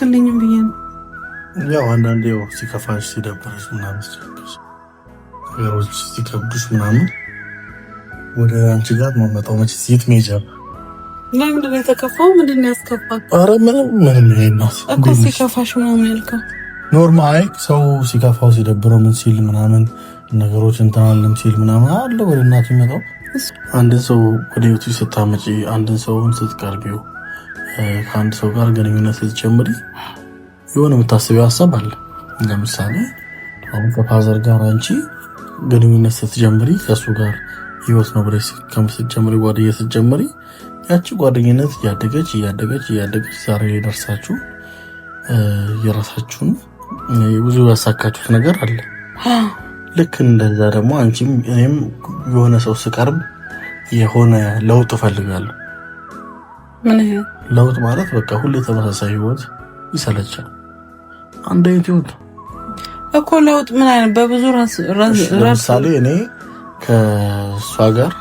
ትልኝም ብዬ ነው። ያው አንዳንድ ያው ሲከፋሽ፣ ሲደብርሽ ምናምን ነገሮች ሲከብዱሽ ምናምን ወደ አንቺ ጋር መመጣው መች ሲት ሜጀር ለምንድን ነው የተከፋው? ምንድን ነው ያስከፋል? ኧረ ምንም ምንም። ይሄናት እኮ ሲከፋሽ ምናምን ያልከው ኖርማል። ሰው ሲከፋው ሲደብረው ምን ሲል ምናምን ነገሮች እንትናለም ሲል ምናምን አለ ወደ እናት ይመጣው። አንድን ሰው ወደ ቤቱ ስታመጪ፣ አንድን ሰውን ስትቀርቢው ከአንድ ሰው ጋር ግንኙነት ስትጀምሪ የሆነ የምታስቢው ሀሳብ አለ። ለምሳሌ አሁን ከፋዘር ጋር አንቺ ግንኙነት ስትጀምሪ ከእሱ ጋር ህይወት ነው ብለሽ ከምስትጀምሪ ጓደኛ ስትጀምሪ ያቺ ጓደኝነት እያደገች እያደገች እያደገች ዛሬ ላይ ደርሳችሁ የራሳችሁን ብዙ ያሳካችሁት ነገር አለ። ልክ እንደዛ ደግሞ አንቺም እኔም የሆነ ሰው ስቀርብ የሆነ ለውጥ እፈልጋለሁ። ለውጥ ማለት በቃ ሁሌ ተመሳሳይ ህይወት ይሰለቻል። አንድ አይነት ህይወት እኮ ለውጥ ምን አይነት በብዙ ለምሳሌ እኔ ከእሷ ጋር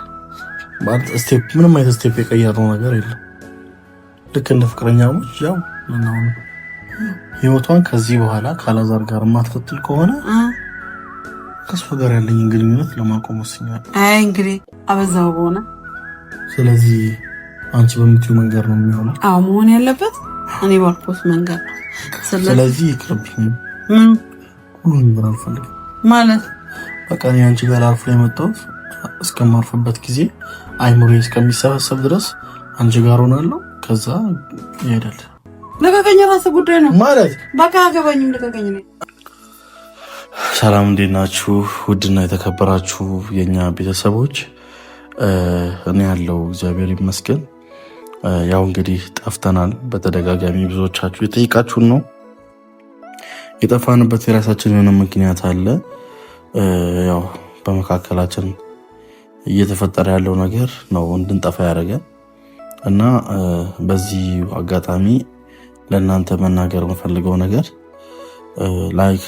ስቴፕ ምንም አይነት ስቴፕ የቀየረው ነገር የለም። ልክ እንደ ፍቅረኛሞች ያው ምናምን ህይወቷን ከዚህ በኋላ ካላዛር ጋር የማትቀጥል ከሆነ ከእሷ ጋር ያለኝ ግንኙነት ለማቆም ወስኛለሁ። አይ እንግዲህ አበዛው በሆነ ስለዚህ አንቺ በምትይው መንገድ ነው የሚሆነው። አዎ መሆን ያለበት እኔ ባልኩት መንገድ ነው። ስለዚህ ይቅርብኝ። ምን ሁሉ ነገር አልፈልግም ማለት በቃ እኔ አንቺ ጋር አርፎ የመጣሁት እስከማርፍበት ጊዜ አይምሮ እስከሚሰበሰብ ድረስ አንቺ ጋር ሆናለሁ። ከዛ ይሄዳል። ልቀቀኝ፣ ራስ ጉዳይ ነው ማለት በቃ አገባኝም። ልቀቀኝ። ሰላም፣ እንዴት ናችሁ? ውድና የተከበራችሁ የኛ ቤተሰቦች፣ እኔ ያለው እግዚአብሔር ይመስገን። ያው እንግዲህ ጠፍተናል። በተደጋጋሚ ብዙዎቻችሁ የጠይቃችሁን ነው። የጠፋንበት የራሳችን የሆነ ምክንያት አለ። ያው በመካከላችን እየተፈጠረ ያለው ነገር ነው እንድንጠፋ ያደረገ እና በዚህ አጋጣሚ ለእናንተ መናገር የምፈልገው ነገር ላይክ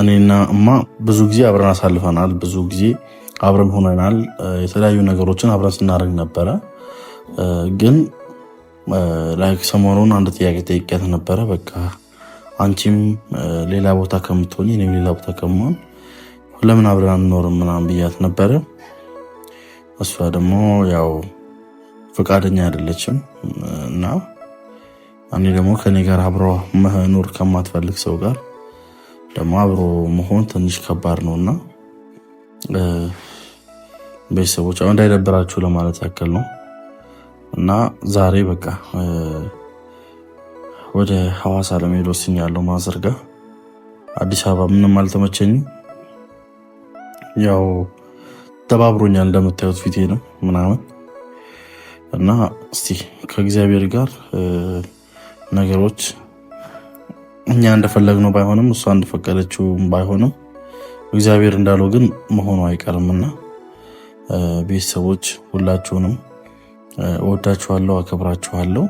እኔና እማ ብዙ ጊዜ አብረን አሳልፈናል። ብዙ ጊዜ አብረን ሆነናል። የተለያዩ ነገሮችን አብረን ስናደርግ ነበረ ግን ላይክ ሰሞኑን አንድ ጥያቄ ጠይቄያት ነበረ። በቃ አንቺም ሌላ ቦታ ከምትሆኝ እኔም ሌላ ቦታ ከመሆን ለምን አብረን አንኖርም ምናምን ብያት ነበረ። እሷ ደግሞ ያው ፈቃደኛ አይደለችም እና እኔ ደግሞ ከኔ ጋር አብሮ መኖር ከማትፈልግ ሰው ጋር ደግሞ አብሮ መሆን ትንሽ ከባድ ነው እና ቤተሰቦች እንዳይደብራችሁ ለማለት ያክል ነው። እና ዛሬ በቃ ወደ ሐዋሳ ለመሄድ ወስኛለሁ። ማዘር ጋ አዲስ አበባ ምንም አልተመቸኝም። ያው ተባብሮኛል እንደምታዩት ፊቴ ነው ምናምን እና እስቲ ከእግዚአብሔር ጋር ነገሮች እኛ እንደፈለግነው ባይሆንም እሷ እንደፈቀደችውም ባይሆንም እግዚአብሔር እንዳለው ግን መሆኑ እና ቤተሰቦች ሁላችሁንም ወዳችኋለሁ፣ አከብራችኋለሁ።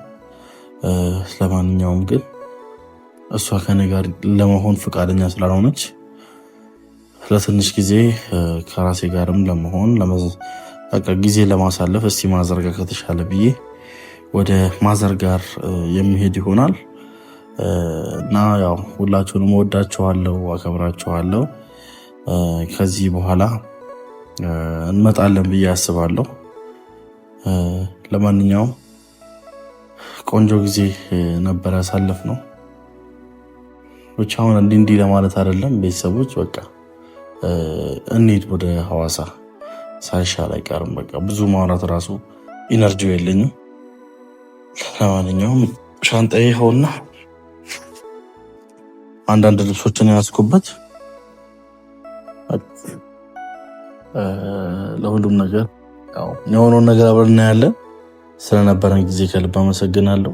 ለማንኛውም ግን እሷ ከኔ ጋር ለመሆን ፈቃደኛ ስላልሆነች ለትንሽ ጊዜ ከራሴ ጋርም ለመሆን ጊዜ ለማሳለፍ እስቲ ማዘርጋ ከተሻለ ብዬ ወደ ማዘር ጋር የሚሄድ ይሆናል እና ያው ሁላችሁንም ወዳችኋለሁ፣ አከብራችኋለሁ። ከዚህ በኋላ እንመጣለን ብዬ አስባለሁ። ለማንኛውም ቆንጆ ጊዜ ነበር ያሳለፍ ነው። ብቻ አሁን እንዲህ እንዲህ ለማለት አይደለም ቤተሰቦች፣ በቃ እንሂድ ወደ ሐዋሳ ሳይሻል አይቀርም። በቃ ብዙ ማውራት ራሱ ኢነርጂው የለኝም። ለማንኛውም ሻንጣዬ ይኸውና አንዳንድ ልብሶችን የያዝኩበት ለሁሉም ነገር የሆነውን ነገር አብረን እናያለን። ስለነበረን ጊዜ ከልብ አመሰግናለሁ።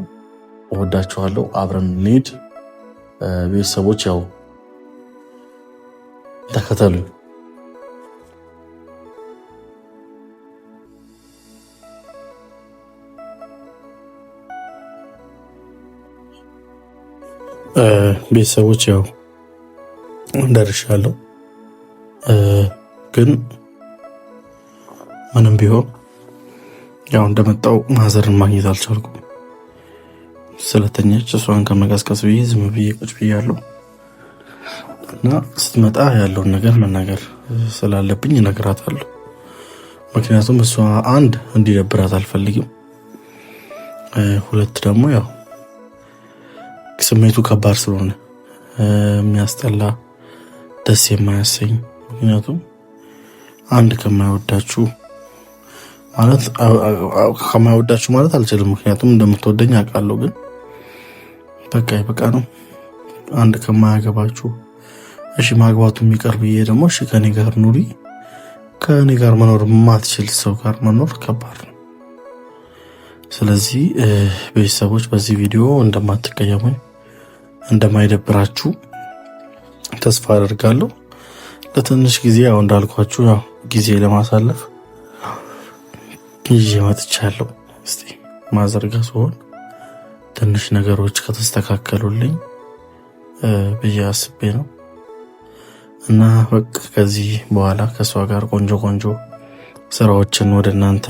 እወዳችኋለሁ። አብረን እንሂድ። ቤተሰቦች ያው ተከተሉኝ። ቤተሰቦች ያው ደርሻለሁ ግን ምንም ቢሆን ያው እንደመጣው ማዘርን ማግኘት አልቻልኩ። ስለተኛች እሷን ከመቀስቀስ ብዬ ዝም ብዬ ቁጭ ብያለሁ እና ስትመጣ ያለውን ነገር መናገር ስላለብኝ እነግራታለሁ። ምክንያቱም እሷ አንድ እንዲደብራት አልፈልግም፣ ሁለት ደግሞ ያው ስሜቱ ከባድ ስለሆነ የሚያስጠላ ደስ የማያሰኝ ምክንያቱም አንድ ከማይወዳችሁ ማለት ከማይወዳችሁ ማለት አልችልም፣ ምክንያቱም እንደምትወደኝ አውቃለሁ። ግን በቃ በቃ ነው። አንድ ከማያገባችሁ እሺ፣ ማግባቱ የሚቀር ብዬ ደግሞ እሺ፣ ከኔ ጋር ኑሪ። ከእኔ ጋር መኖር የማትችል ሰው ጋር መኖር ከባድ ነው። ስለዚህ ቤተሰቦች በዚህ ቪዲዮ እንደማትቀየሙኝ እንደማይደብራችሁ ተስፋ አደርጋለሁ። ለትንሽ ጊዜ ያው እንዳልኳችሁ ያው ጊዜ ለማሳለፍ ይዤ መጥቻለሁ። እስቲ ማዘርጋ ሲሆን ትንሽ ነገሮች ከተስተካከሉልኝ ብዬ አስቤ ነው እና በቃ ከዚህ በኋላ ከእሷ ጋር ቆንጆ ቆንጆ ስራዎችን ወደ እናንተ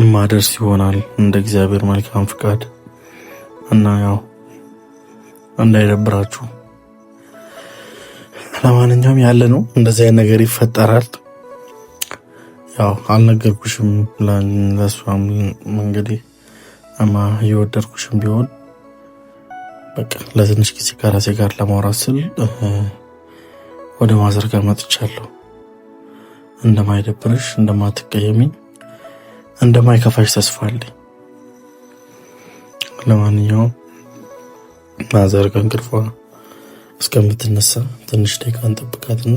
እማደርስ ይሆናል እንደ እግዚአብሔር መልካም ፍቃድ እና ያው እንዳይደብራችሁ። ለማንኛውም ያለ ነው እንደዚህ አይነት ነገር ይፈጠራል። ያው አልነገርኩሽም ለእሷም እንግዲህ እማ እየወደድኩሽም ቢሆን በቃ ለትንሽ ጊዜ ከራሴ ጋር ለማውራት ስል ወደ ማዘርጋ መጥቻለሁ። እንደማይደብርሽ፣ እንደማትቀየሚኝ፣ እንደማይከፋሽ ተስፋ አለኝ። ለማንኛውም ማዘርጋ እንቅልፏ እስከምትነሳ ትንሽ ደቂቃ እንጠብቃትና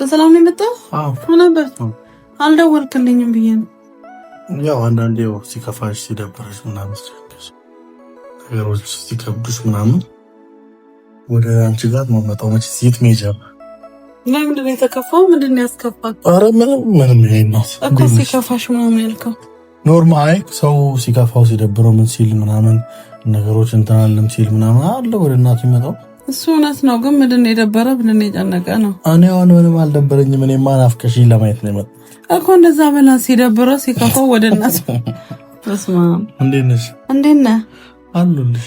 በሰላም ነው የመጣው? ነበር አልደወልክልኝም ብዬ ነው። ያው አንዳንዴ ሲከፋሽ፣ ሲደብረሽ ምናምን ነገሮች ሲከብዱሽ ምናምን ወደ አንቺ ጋር መመጣው መች ሴት ሜጃ ምንድን ነው የተከፋው? ምንድን ነው ያስከፋል? ኧረ ምንም ምንም። ይሄ እኮ ሲከፋሽ ምናምን ያልከው ኖርማ አይ ሰው ሲከፋው ሲደብረው ምን ሲል ምናምን ነገሮች እንትን ሲል ምናምን አለ ወደ እናቱ ይመጣው እሱ እውነት ነው፣ ግን ምንድን የደበረ ምንድን የጨነቀ ነው? እኔ አሁን ምንም አልደበረኝም። እኔ ማን ለማየት ነው ይመጣ እኮ። እንደዛ በላ ሲደብረው ሲከፋው ወደ እናት ስማ። እንዴት ነሽ? እንዴት ነህ? አሉልሽ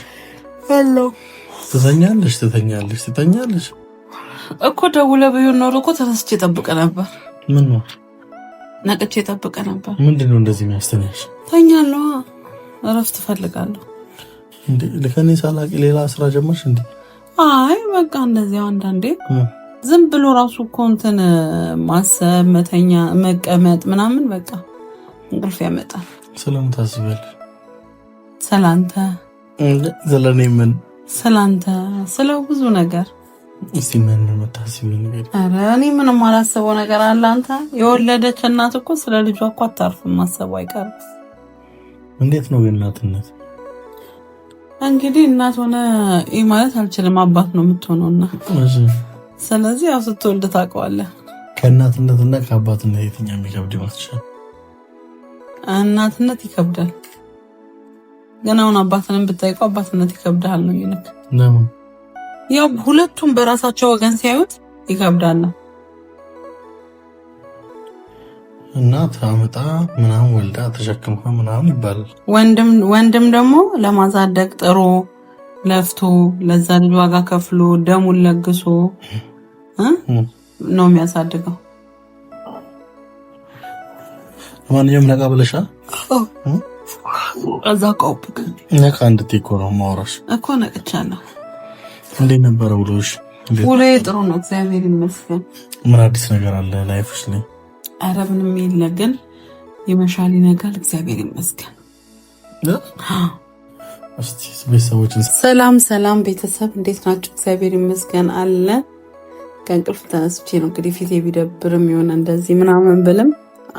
ሎ ትተኛለሽ፣ ትተኛለሽ፣ ትተኛለሽ እኮ ደውለ ቢሆን ኖሮ እኮ ተነስቼ ጠብቀ ነበር። ምን ነው ነቅቼ ጠብቀ ነበር። ምንድን እንደዚህ የሚያስተኛሽ? ተኛለሁ፣ እረፍት እፈልጋለሁ። ልከኔ ሳላቂ ሌላ ስራ ጀመርሽ እንዴ? አይ በቃ እንደዚያው አንዳንዴ ዝም ብሎ ራሱ እኮ እንትን ማሰብ፣ መተኛ፣ መቀመጥ ምናምን በቃ እንቅልፍ ያመጣል። ስለምን ታስበል? ስለአንተ ስለኔ ምን? ስለአንተ ስለ ብዙ ነገር እስቲ ምን የምታስቢ ነገር? ኧረ እኔ ምንም አላስበው ነገር አለ። አንተ የወለደች እናት እኮ ስለ ልጇ እኮ አታርፍም። ማሰቡ አይቀርም። እንዴት ነው የእናትነት እንግዲህ እናት ሆነ ይህ ማለት አልችልም። አባት ነው የምትሆነውና ስለዚህ ያው ስትወልድ ታውቀዋለህ። ከእናትነትና ከአባትነት የትኛው የሚከብድ ይመስልሻል? እናትነት ይከብዳል፣ ግን አሁን አባትንም ብታይቀው አባትነት ይከብዳል ነው ይልክ ያው ሁለቱም በራሳቸው ወገን ሲያዩት ይከብዳል። እናት አምጣ ምናምን ወልዳ ተሸክምከ ምናምን ይባላል። ወንድም ደግሞ ለማሳደግ ጥሩ ለፍቶ ለዛ ልጅ ዋጋ ከፍሎ ደሙን ለግሶ ነው የሚያሳድገው። ለማንኛውም ነቃ ብለሻ እዛ ቀውብክ ነቃ እንድት እኮ ነው ማውራሽ እኮ ነቅቻለሁ። እንዴት ነበረ ውሎሽ? ውሎ ጥሩ ነው፣ እግዚአብሔር ይመስገን። ምን አዲስ ነገር አለ ላይፍሽ ላይ? ኧረ ምንም የለ ግን የመሻል ይነጋል። እግዚአብሔር ይመስገን። ሰላም ሰላም ቤተሰብ እንዴት ናቸው? እግዚአብሔር ይመስገን አለ። ከእንቅልፍ ተነስቼ ነው እንግዲህ ፊቴ ቢደብርም የሆነ እንደዚህ ምናምን ብልም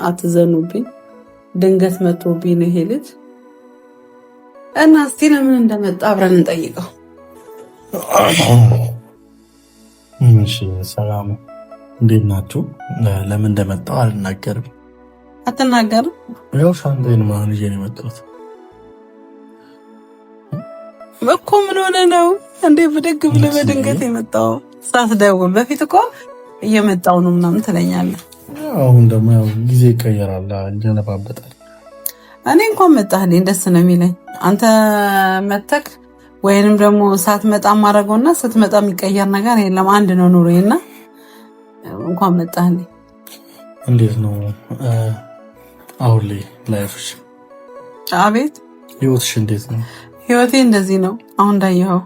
አትዘኑብኝ። ድንገት መቶብኝ ነው ይሄ ልጅ እና እስቲ ለምን እንደመጣ አብረን እንጠይቀው። ሰላም እንዴት ናችሁ? ለምን እንደመጣው አልናገርም። አትናገርም? ያው ሻንጣዬን ማን ይዤ ነው የመጣሁት እኮ። ምን ሆነ ነው እንዴ ብድግ ብለህ በድንገት የመጣው? ሳትደውል በፊት እኮ እየመጣው ነው ምናምን ትለኛለህ። አሁን ደግሞ ያው ጊዜ ይቀየራል፣ ይገለባበጣል። እኔ እንኳን መጣህልኝ ደስ ነው የሚለኝ አንተ መተክ ወይንም ደግሞ ሳትመጣ ማድረገውና ስትመጣ የሚቀየር ነገር የለም። አንድ ነው ኑሮዬና እንኳን መጣህልኝ። እንዴት ነው አሁን ላይ ላይፍሽ? አቤት ህይወትሽ እንዴት ነው? ህይወቴ እንደዚህ ነው። አሁን እንዳየኸው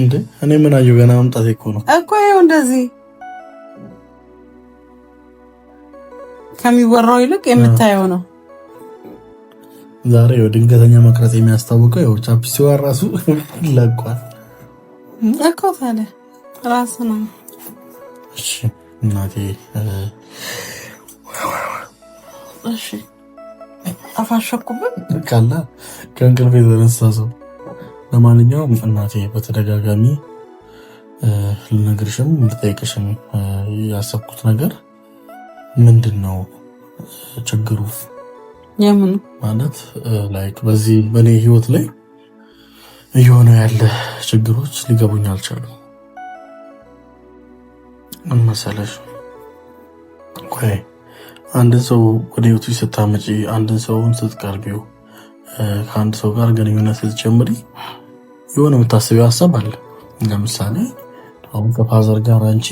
እንዴ? እኔ ምን አየሁ? ገና መምጣቴ እኮ ነው እኮ። ይኸው እንደዚህ ከሚወራው ይልቅ የምታየው ነው። ዛሬ ድንገተኛ መቅረጽ የሚያስታውቀው ያው ሲዋር ራሱ ለቋል እኮ ታዲያ ራስ ነው። እሺ እናቴ እሺ አፋሸኩብን ካለ ከእንቅልፍ የተነሳ ሰው። ለማንኛውም እናቴ በተደጋጋሚ ልነግርሽም ልጠይቅሽም ያሰብኩት ነገር ምንድን ነው ችግሩ? የምኑ ማለት ላይክ በዚህ በእኔ ህይወት ላይ እየሆነ ያለ ችግሮች ሊገቡኝ አልቻሉም። መሰለሽ ቆይ አንድን ሰው ወደ ህይወቱ ስታመጪ አንድን ሰውን ስትቀርቢው ከአንድ ሰው ጋር ግንኙነት ስትጀምሪ የሆነ የምታስቢው ሀሳብ አለ። ለምሳሌ አሁን ከፋዘር ጋር አንቺ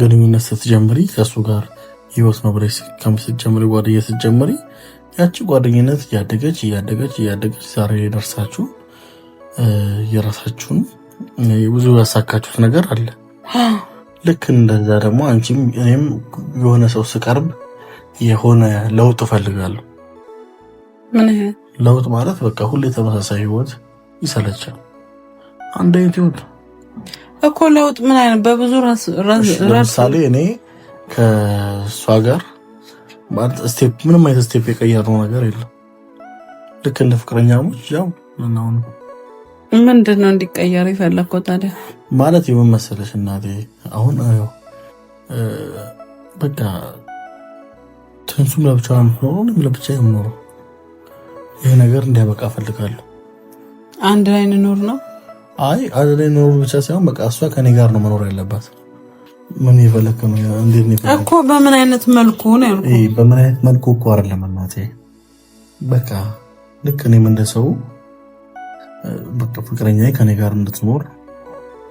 ግንኙነት ስትጀምሪ ከእሱ ጋር ህይወት መብረሽ ከምስትጀምሪ ጓደኛ ስትጀምሪ ያቺ ጓደኝነት እያደገች እያደገች እያደገች ዛሬ የደርሳችሁ የራሳችሁን ብዙ ያሳካችሁት ነገር አለ። ልክ እንደዛ ደግሞ አንቺም እኔም የሆነ ሰው ስቀርብ የሆነ ለውጥ እፈልጋለሁ። ለውጥ ማለት በቃ ሁሌ ተመሳሳይ ህይወት ይሰለቻል። አንድ አይነት ህይወት እኮ ለውጥ ምን አይነት በብዙ ለምሳሌ እኔ ከእሷ ጋር ምንም አይነት ስቴፕ የቀየርነው ነገር የለም። ልክ እንደ ፍቅረኛሞች ያው ምናምን ምንድን ነው እንዲቀየር የፈለግከው ታዲያ? ማለት የምን መሰለሽ እናቴ፣ አሁን በቃ ትንሱም ለብቻ የምትኖረው እኔም ለብቻ የምኖሩ ይህ ነገር እንዲያበቃ እፈልጋለሁ። አንድ ላይ እንኖር ነው? አይ አንድ ላይ እንኖር ብቻ ሳይሆን በቃ እሷ ከኔ ጋር ነው መኖር ያለባት። ምን የፈለክ ነው? እንዴት ነው እኮ በምን አይነት መልኩ ነው ያልኩ? በምን አይነት መልኩ እኮ አይደለም እናቴ፣ በቃ ልክ እኔም እንደሰው በቃ ፍቅረኛ ከኔ ጋር እንድትኖር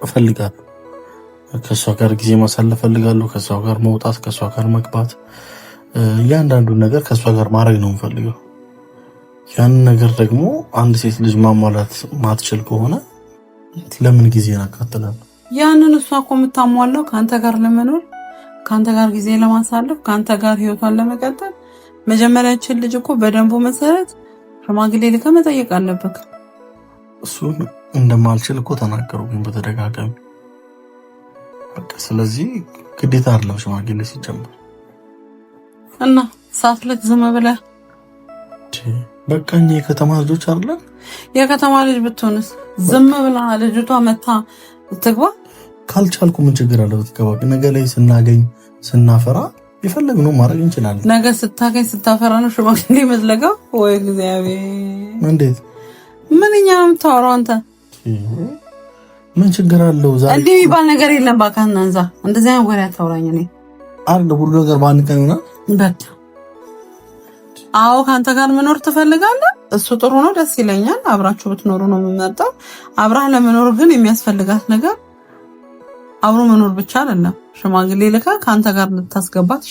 እፈልጋለሁ። ከእሷ ጋር ጊዜ ማሳለፍ እፈልጋለሁ። ከእሷ ጋር መውጣት፣ ከእሷ ጋር መግባት፣ እያንዳንዱን ነገር ከእሷ ጋር ማድረግ ነው የምፈልገው። ያንን ነገር ደግሞ አንድ ሴት ልጅ ማሟላት ማትችል ከሆነ ለምን ጊዜ እናቃጥላለን? ያንን እሷ እኮ የምታሟላው ከአንተ ጋር ለመኖር ከአንተ ጋር ጊዜ ለማሳለፍ ከአንተ ጋር ህይወቷን ለመቀጠል መጀመሪያችን ልጅ እኮ በደንቡ መሰረት ሽማግሌ ልከ መጠየቅ አለበት። እሱን እንደማልችል እኮ ተናገሩኝ በተደጋጋሚ። ስለዚህ ግዴታ አይደለም ሽማግሌ ሲጀምር እና ሰዓት ላይ ዝም ብለህ በቃ እኛ የከተማ ልጆች አይደለን። የከተማ ልጅ ብትሆንስ ዝም ብላ ልጅቷ መታ ትግባ። ካልቻልኩ ምን ችግር አለ ብትገባ? ነገ ላይ ስናገኝ ስናፈራ የፈለግነው ማድረግ እንችላለን። ነገ ስታገኝ ስታፈራ ነው ሽማግሌ መዝለጋ ወይ እግዚአብሔር እንዴት ምንኛ ነው የምታወራው አንተ? ምን ችግር አለው? ዛሬ እንዲህ የሚባል ነገር የለም። እባክህን አንዛ እንደዚህ አይነት ወሬ አታውራኝ። እኔ አንድ ሁሉ ነገር በአንድ ቀን ይሆናል። በቃ አዎ፣ ከአንተ ጋር መኖር ትፈልጋለህ? እሱ ጥሩ ነው፣ ደስ ይለኛል። አብራችሁ ብትኖሩ ነው የምመርጠው። አብራህ ለመኖር ግን የሚያስፈልጋት ነገር አብሮ መኖር ብቻ አይደለም። ሽማግሌ ልካ ከአንተ ጋር ልታስገባት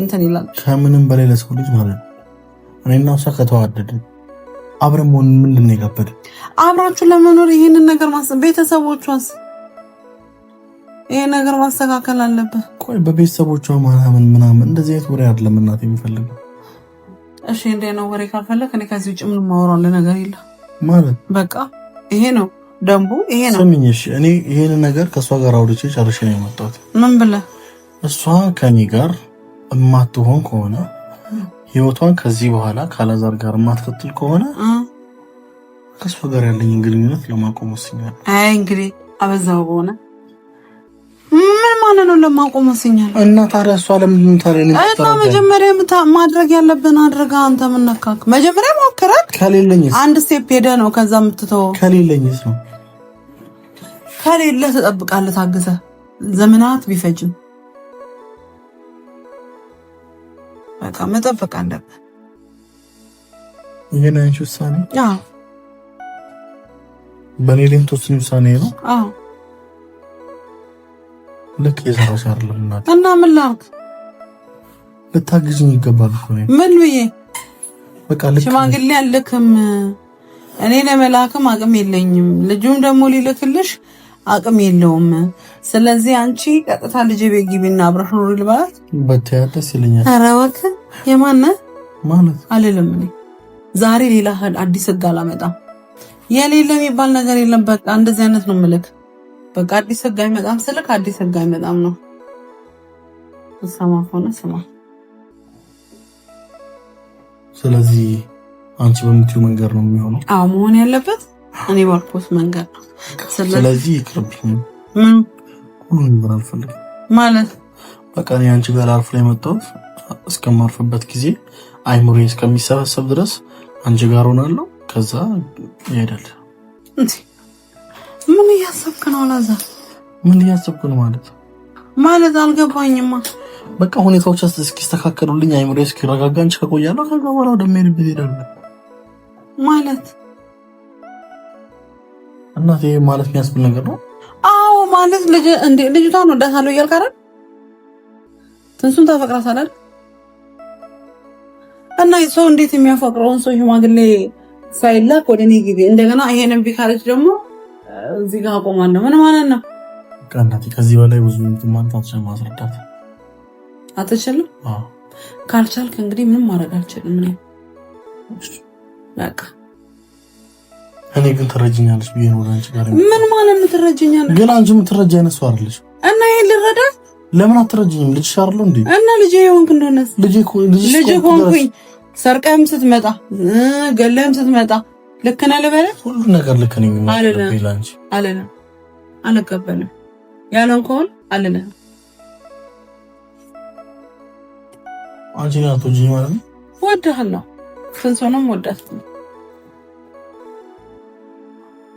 እንትን ይላል። ከምንም በላይ ለሰው ልጅ ማለት ነው እኔና እሷ ከተዋደድን አብረን መሆን ምንድን ነው የከበደ? አብራችሁ ለመኖር ይህንን ነገር ቤተሰቦቿስ ይህ ነገር ማስተካከል አለብህ። ቆይ በቤተሰቦቿ ምናምን ምናምን እንደዚህ አይነት ወሬ አይደለም እናት የሚፈልገው። እሺ እንዴ ነው ወሬ ካልፈለግ እኔ ከዚህ ውጭ ምን ማወራለ ነገር የለ ማለት በቃ ይሄ ነው ደንቡ፣ ይሄ ነው። ስሚኝ እሺ፣ እኔ ይሄን ነገር ከእሷ ጋር አውርቼ ጨርሼ ነው የመጣሁት። ምን ብለህ እሷ ከኔ ጋር እማትሆን ከሆነ ህይወቷን ከዚህ በኋላ ካላዛር ጋር ማትቀጥል ከሆነ ከሱ ጋር ያለኝን ግንኙነት ለማቆም ወስኛል። አይ እንግዲህ አበዛው በሆነ ምን ማለት ነው? ለማቆም ወስኛል። እና ታዲያ እሷ ለምንድን ነው እና መጀመሪያ ማድረግ ያለብን አድርጋ አንተ ምነካክ መጀመሪያ ሞክራት። ከሌለኝስ አንድ ስቴፕ ሄደ ነው ከዛ የምትተወው ከሌለኝስ ነው ከሌለ ተጠብቃለህ ታግዘህ ዘመናት ቢፈጅም በቃ መጠበቅ አለብን። ይህን አንቺ ውሳኔ በእኔ ላይ ተወስኝ ውሳኔ ነው። ልክ የሰራሽ አይደለም እና ምን ላድርግ? ልታግዝኝ ይገባል እኮ ነው። ምን ብዬ በቃ ልክ ሽማግሌ አልልክም። እኔ ለመላክም አቅም የለኝም። ልጁም ደግሞ ሊልክልሽ አቅም የለውም። ስለዚህ አንቺ ቀጥታ ልጅ ቤት ግቢና አብረሽ ኑሪ ልበላት በትያ ደስ ይለኛል። ኧረ እባክህ የማነ ማለት አልልም። እኔ ዛሬ ሌላ አዲስ ህግ አላመጣም። የሌለ የሚባል ነገር የለም። በቃ እንደዚህ አይነት ነው ምልክ። በቃ አዲስ ህግ አይመጣም ስልክ አዲስ ህግ አይመጣም ነው። ስማ ከሆነ ስማ። ስለዚህ አንቺ በምትዩ መንገድ ነው የሚሆነው። አዎ መሆን ያለበት እኔ ባልኩት መንገድ ነው። ስለዚህ ይቅርብኝ፣ ማለት በቃ እኔ አንቺ ጋር አልፍ ላይ መጣሁት እስከማርፍበት ጊዜ አይምሮ እስከሚሰበሰብ ድረስ አንቺ ጋር ሆናለሁ። ከዛ ይሄዳል። ምን እያሰብክ ነው? ለዛ ምን እያሰብክ ነው ማለት ማለት አልገባኝማ። በቃ ሁኔታዎች እስኪስተካከሉልኝ አይምሮ እስኪረጋጋ አንቺ ከቆያለሁ። ከዛ በኋላ ወደሚሄድበት ይሄዳል ማለት እናቴ ማለት የሚያስብል ነገር ነው። አዎ ማለት ልጅ እንዴ ልጅቷን ወዳታለሁ እያልክ አይደል? ትንሱን ታፈቅራታለህ እና ሰው እንዴት የሚያፈቅረውን ሰው ሽማግሌ ሳይላክ ወደ እኔ ጊዜ እንደገና ይሄንን ቢካለች ደግሞ እዚህ ጋር አቆማለሁ። ምን ማለት ነው? እናቴ ከዚህ በላይ ብዙ አትችል ማስረዳት አትችልም። ካልቻልክ እንግዲህ ምንም ማድረግ አልችልም። በቃ እኔ ግን ትረጅኛለች ብዬ ነው ወደ አንቺ ጋር። ምን ማለት ነው ትረጅኛለች? ግን አንቺ የምትረጅ አይነት ሰው አይደለሽ። እና ይሄን ልረዳ ለምን አትረጅኝም? ልጅሽ አይደለሁ እንዴ? እና ልጅ የሆንክ እንደሆነ ልጅ ልጅ ሆንኩኝ። ሰርቀህም ስትመጣ ገለህም ስትመጣ ልክ ነህ ልበለህ? ሁሉን ነገር ልክ ነኝ ለአንቺ አለነ አልቀበልም ያለን ከሆን አለነ አንቺ ናቶጅኝ ማለት ነው ወድሃል ፍንሶንም ትንሶንም ወዳት ነው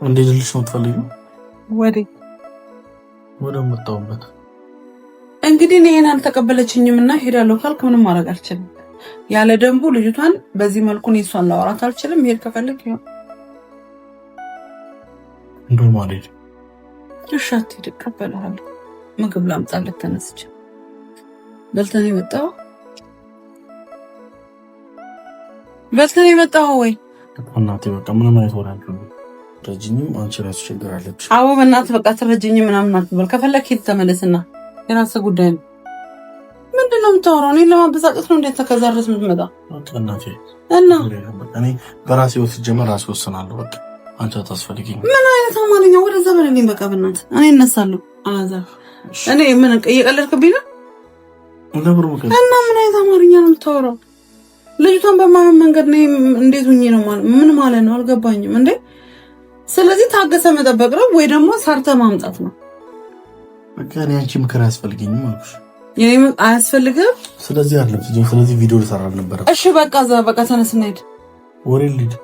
እንዴት ልጅ ነው የምትፈልጊው? ወዴ ወደ መጣሁበት እንግዲህ እኔን አልተቀበለችኝም እና ሄዳለሁ ካልክ ምንም ማድረግ አልችልም። ያለ ደንቡ ልጅቷን በዚህ መልኩ እኔ እሷን ላወራት አልችልም። ሄድ ከፈልግ ይሆን እንዱ አለች እሻት ሄድ እቀበልሃለሁ። ምግብ ላምጣልህ ተነስቼ በልተን ነው በልተን በልተህ ወይ እናቴ? በቃ ምንም አይነት ወራጅ ረጅኝም አንቺ ራሱ ችግር አለብሽ። አዎ በእናትህ በቃ ትረጅኝ ምናምን አትበል። ከፈለክ ሄድ ተመለስና የራስህ ጉዳይ ነው። ምንድን ነው የምታወራው? እኔን ለማበሳጨት ነው እንዴት ከዛ ድረስ የምትመጣ? እና እኔ በራሴ ስጀምር ራሴ ወስናለሁ። በቃ አንቺ አታስፈልጊኝም። ምን አይነት አማርኛ ወደዛ በልልኝ። በቃ በእናትህ እኔ እነሳለሁ። አላዛር እኔ ምን እየቀለድክብኝ ነው? እና ምን አይነት አማርኛ ነው የምታወራው? ልጅቷን በማየው መንገድ እኔ እንዴት ሁኜ ነው ምን ማለት ነው? አልገባኝም እንዴ ስለዚህ ታገሰ መጠበቅ ነው ወይ ደግሞ ሰርተ ማምጣት ነው። በቃ እኔ አንቺ ምክር አያስፈልገኝም አልኩሽ። የኔም አያስፈልግም። ስለዚህ አይደለም ስለዚህ ቪዲዮ ልሰራ ነበረ። እሺ በቃ እዛ በቃ ተነስ እንሂድ። ወሬ ልሂድ።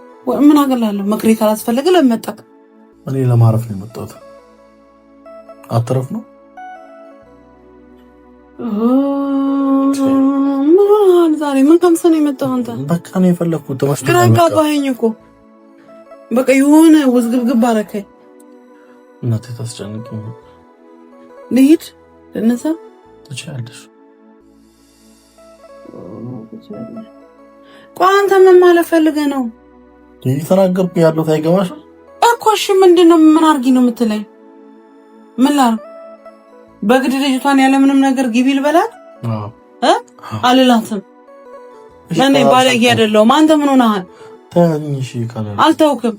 ምን አገላለሁ? ምክሬ ካላስፈልግ ለመጠቅ እኔ ለማረፍ ነው የመጣሁት። አትረፍ ነው ዛሬ ምን ከምሰ ነው የመጣሁት አንተ። በቃ ነው የፈለግኩት። ግራ አጋባኸኝ እኮ በቃ የሆነ ውዝግብግብ አረከኝ። እናቴ ታስጨንቅ። ልሂድ ልነሳ ትችላለሽ። ቆይ አንተ ምን ማለት ፈልገህ ነው? እየተናገርኩ ያለሁት አይገባሽ እኮ። እሺ ምንድን ነው? ምን አድርጊ ነው የምትለኝ? ምን ላድርግ? በግድ ልጅቷን ያለምንም ነገር ግቢ ልበላት? አልላትም። እኔ ባለጌ አይደለሁም። አንተ ምን ሆነሃል? ታንሺ ካላል አልታውክም።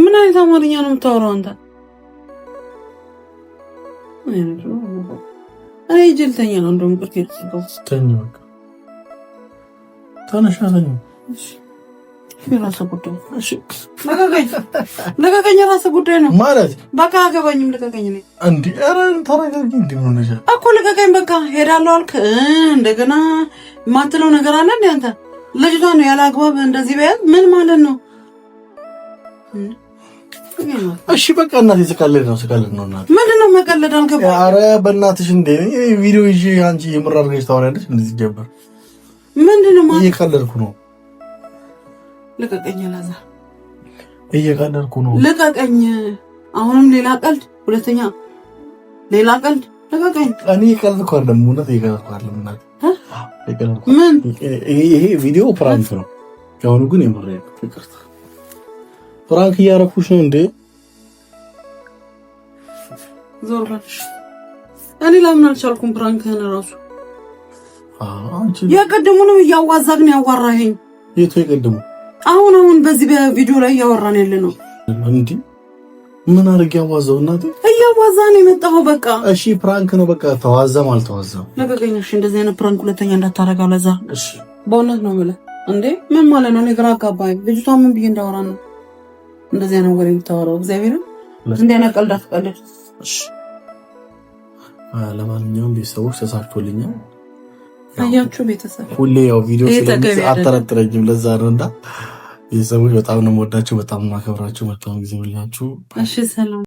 ምን አይነት አማርኛ ነው የምታወራው አንተ? አይ ጀልተኛ ነው እንደውም የራሰ ጉዳይ ልቀቀኝ፣ ልቀቀኝ፣ ጉዳይ ነው ማለት በቃ አገባኝም፣ ልቀቀኝ። እንዲ ተረጋጊ፣ እንዲሆነሻል እኮ ልቀቀኝ፣ በቃ ሄዳለሁ አልክ። እንደገና የማትለው ነገር አለ እንዴ አንተ? ልጅቷ ነው ያለ አግባብ እንደዚህ በያዝ ምን ማለት ነው? እሺ በቃ እናቴ ስቀልድ ነው ስቀልድ ነው። እናቴ ምንድን ነው መቀለድ አልገባም። ኧረ በእናትሽ እንደ ቪዲዮ ይዤ አንቺ የምር አድርገሽ ታወሪያለሽ። እንደዚህ ጀበር ምንድን ነው እየቀለድኩ ነው ልቀቀኝ ላዛር፣ እየቀለድኩ ነው። ልቀቀኝ። አሁንም ሌላ ቀልድ፣ ሁለተኛ ሌላ ቀልድ። ልቀቀኝ። እኔ ቀልድኩ አይደለም፣ እውነት እየቀለድኩ አይደለም። ምን ይሄ ቪዲዮ ፕራንክ ነው። አሁኑ ግን የምር ይቅርታ፣ ፕራንክ እያረኩሽ ነው እንዴ? ዞር በልሽ። እኔ ለምን አልቻልኩም? ፕራንክህን እራሱ የቅድሙንም እያዋዛግን ያዋራኸኝ የቱ የቅድሙ አሁን አሁን በዚህ በቪዲዮ ላይ እያወራን ያለ ነው። እንዲ ምን አድርግ ያዋዛው እናት እያዋዛ ነው በቃ እሺ፣ ፕራንክ ነው በቃ። ተዋዛም አልተዋዛም ለቀቀኝ። እሺ፣ እንደዚህ አይነት ፕራንክ ሁለተኛ እንዳታረጋ። ለዛ እሺ፣ በእውነት ነው የምልህ። እንዴ ምን ማለት ነው? እኔ ግራ ልጅቷ ምን ብዬ እንዳወራ ነው እንደዚህ አይነት ወሬ የምታወራው? እግዚአብሔር እንዲህ አይነት ቀልድ አትቀልድ። እሺ፣ ለማንኛውም ቤተሰቦች ተሳክቶልኛል። አያችሁ ቤተሰብ ሁሌ ያው ቪዲዮ አጠረጥረኝም። ለዛ ነው እና ቤተሰቦች በጣም ነው የምወዳችሁ፣ በጣም ነው አከብራቸው መልካም ጊዜ ብላችሁ እሺ ሰላም